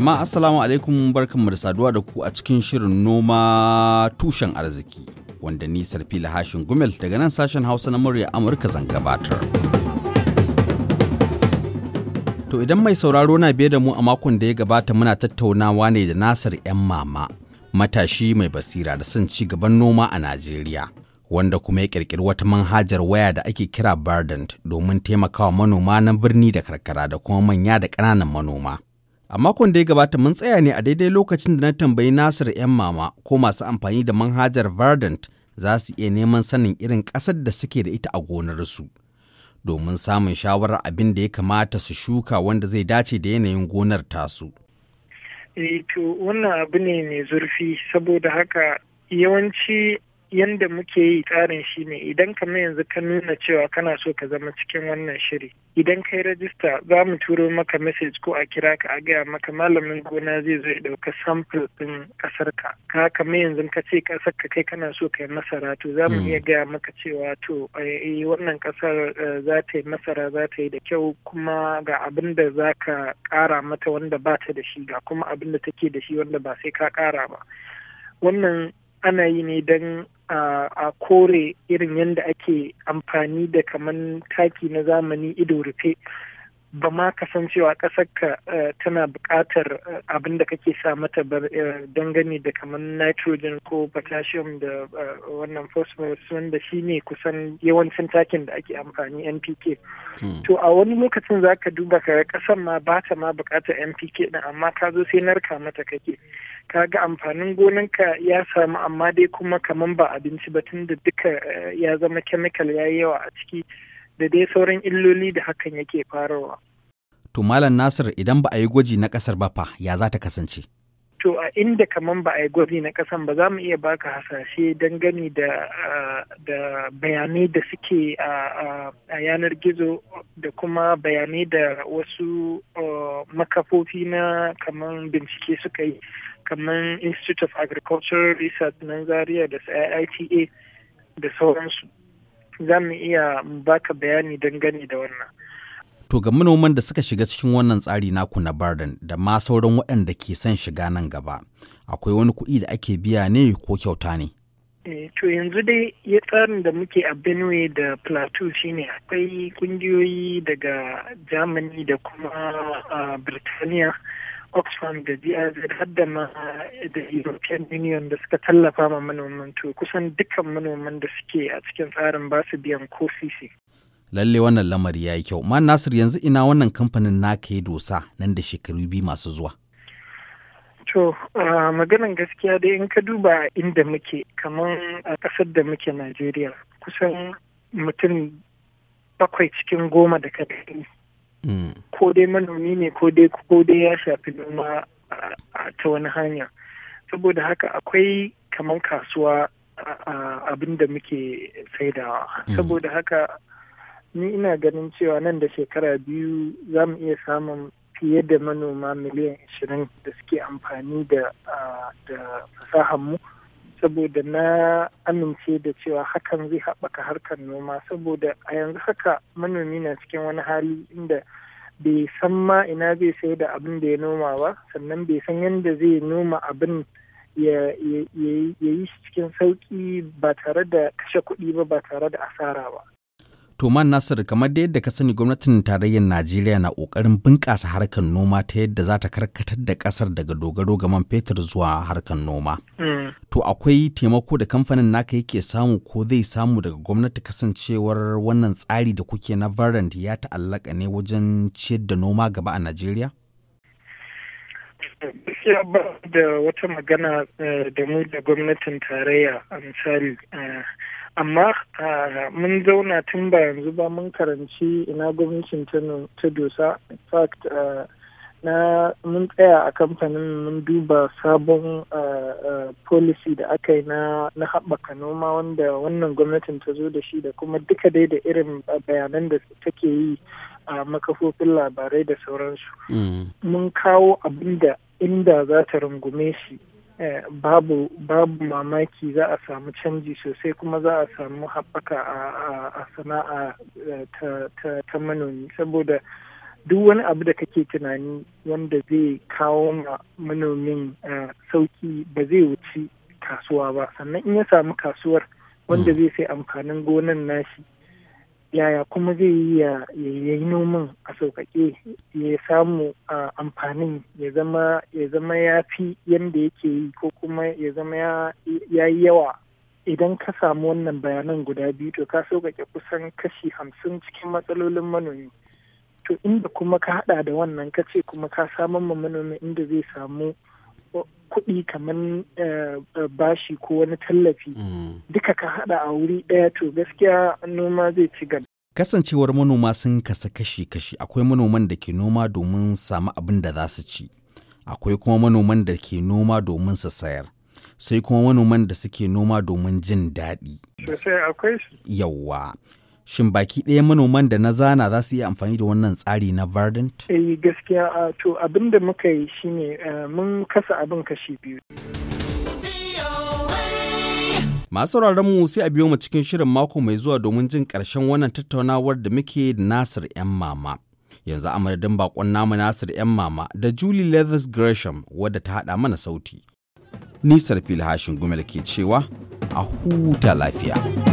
Jama'a Assalamu alaikum barkanmu da saduwa da ku a cikin shirin noma tushen arziki wanda ni sarfi hashin gumel daga nan sashen hausa na murya Amurka zan gabatar. To idan mai sauraro na biye da mu a makon da ya gabata muna tattaunawa ne da nasar 'yan mama matashi mai basira da son ci gaban noma a Najeriya. wanda kuma ya kirkiri wata manhajar waya da ake kira Bardant domin taimakawa manoma na birni da karkara da kuma manya da ƙananan manoma. A makon da ya gabata mun tsaya ne a daidai lokacin da na tambayi Nasir 'yan mama ko masu amfani da manhajar Verdant za su iya neman sanin irin ƙasar da suke da ita a gonarsu. Domin samun shawarar abin da ya kamata su shuka wanda zai dace da yanayin gonar tasu. Eh, to wannan abu ne mai zurfi saboda haka yawanci yanda muke yi tsarin shi ne idan kamar yanzu ka nuna cewa kana so ka zama cikin wannan shiri idan ka yi rajista za mu turo maka message ko a kira ka a gaya maka malamin gona zai zo ya ɗauka sample ɗin ƙasar ka ka kamar yanzu ka ce ƙasar ka kai kana so ka yi masara to za mu hmm. iya gaya maka cewa to eh, wannan ƙasar eh, za ta yi masara za ta yi da kyau kuma ga abin da za ka ƙara mata wanda ba ta da shi ga kuma abin da take da shi wanda ba sai ka ƙara ba wannan ana yi ne don a kore irin yadda ake amfani da kaman taki na zamani ido rufe ba ma kasancewa ƙasarka tana bukatar abin da kake sa mata dangane da kaman nitrogen ko potassium da wannan phosphorus wanda shi ne kusan yawancin takin da ake amfani npk hmm. to a wani lokacin za ka duba ka ƙasar ma ba ta ma bukatar npk ɗin amma ka zo sai narka mata kake ka ga amfanin gonanka ya samu amma dai kuma kamar ba abinci ba tunda duka eh, ya zama kemikal ya yi yawa a ciki da dai sauran illoli da hakan yake farawa. To Malam Nasir idan ba a yi gwaji na ƙasar ba fa ya za ta kasance? To a inda kaman ba a yi gwaji na ƙasan ba za mu iya baka hasashe dangane da eh, da bayanai da suke a yanar gizo da kuma bayanai da wasu oh, makafofi na kaman bincike suka yi kamar institute of agricultural research na zaria da IITA da sauransu za mu iya baka bayani dangane da wannan to ga manoman da suka shiga cikin wannan tsari naku na bardan da ma sauran waɗanda ke son shiga nan gaba akwai wani kuɗi da ake biya ne ko kyauta ne eh, to yanzu dai ya tsarin da muke a benue da plateau shine akwai kungiyoyi daga germany da kuma a ah, birtaniya oxfam da drz har da ma da european union da suka tallafa ma manoman to kusan dukkan manoman da suke a cikin tsarin ba su biyan ko sisi lalle wannan lamari ya yi kyau ma nasir yanzu ina wannan kamfanin naka ya dosa nan da shekaru biyu masu zuwa to maganan gaskiya dai in ka duba inda muke kamar a ƙasar da muke najeriya kusan mutum bakwai cikin goma da ka ko dai manomi ne ko dai ko dai ya shafi noma ta wani hanya saboda haka akwai kamar kasuwa abin da muke saidawa mm. saboda haka ni ina ganin cewa nan da shekara biyu za mu iya samun fiye da manoma miliyan 20 da suke amfani da fasahar mu saboda na amince da cewa hakan zai haɓaka harkar noma saboda a yanzu haka manomi na cikin wani hali inda bai san ma ina zai sayar da abin da ya noma ba sannan bai san yadda zai noma abin ya yi shi cikin sauƙi ba tare da kashe kuɗi ba ba tare da asara ba Toman Nasir kamar da yadda ka sani gwamnatin tarayyar Najeriya na ƙoƙarin bunƙasa harkar noma ta yadda za ta karkatar da ƙasar daga dogaro ga man fetur zuwa harkar noma. Mm. To akwai taimako da kamfanin naka yake samu ko zai samu daga gwamnati kasancewar wannan tsari da kuke na varant ya ta'allaka ne wajen ciyar da noma gaba a Najeriya? gaskiya ba da wata magana eh, da mu da gwamnatin tarayya a misali eh, amma ah, mun zauna tun ba yanzu ba mun karanci ina gwamnatin ta dosa in fact ah, na mun tsaya a kamfanin mun duba sabon ah, policy da aka yi na haɓaka noma wanda wannan gwamnatin ta zo da shi da kuma duka dai da irin bayanan da take yi a makafofin labarai da sauransu mm. mun kawo abin da inda za ta rungume shi eh, babu babu mamaki za a samu canji sosai kuma za a samu haɓaka a sana'a eh, ta manomi saboda duk wani abu da kake tunani wanda zai kawo ma manomin eh, sauki ba zai wuce kasuwa ba sannan in ya samu kasuwar wanda mm. zai sai amfanin gonan nashi yaya kuma zai yi ya yi noman a sauƙaƙe ya samu amfanin ya zama ya zama ya fi yadda yake yi ko kuma ya zama ya yi yawa idan ka samu wannan bayanan guda biyu to ka sauƙaƙe kusan kashi hamsin cikin matsalolin manomi to inda kuma ka haɗa da wannan ka ce kuma ka samar ma manomi inda zai samu kuɗi kamar eh, eh, bashi ko wani tallafi mm. duka ka haɗa a wuri ɗaya to gaskiya noma zai ci gaba. Kasancewar manoma sun kasa kashi-kashi akwai manoman da ke noma domin samu abin da za su ci, akwai kuma manoman da ke noma domin su sayar, sai kuma manoman da suke noma domin jin daɗi. Yawwa. Shin baki ɗaya manoman da na zana za su yi amfani da wannan tsari na Verdant? Eh gaskiya to abin da muka yi shine eh, mun kasa abin kashi biyu. Masu sauraron mu sai a biyo mu cikin shirin mako mai zuwa domin jin ƙarshen wannan tattaunawar da muke da Nasir 'yan mama. yanzu a madadin bakon namu Nasir 'yan mama da Julie Leathers Gresham wadda ta haɗa mana sauti. Nisar filhashin gumel ke cewa a huta lafiya.